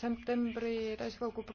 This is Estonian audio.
septembri täiskogu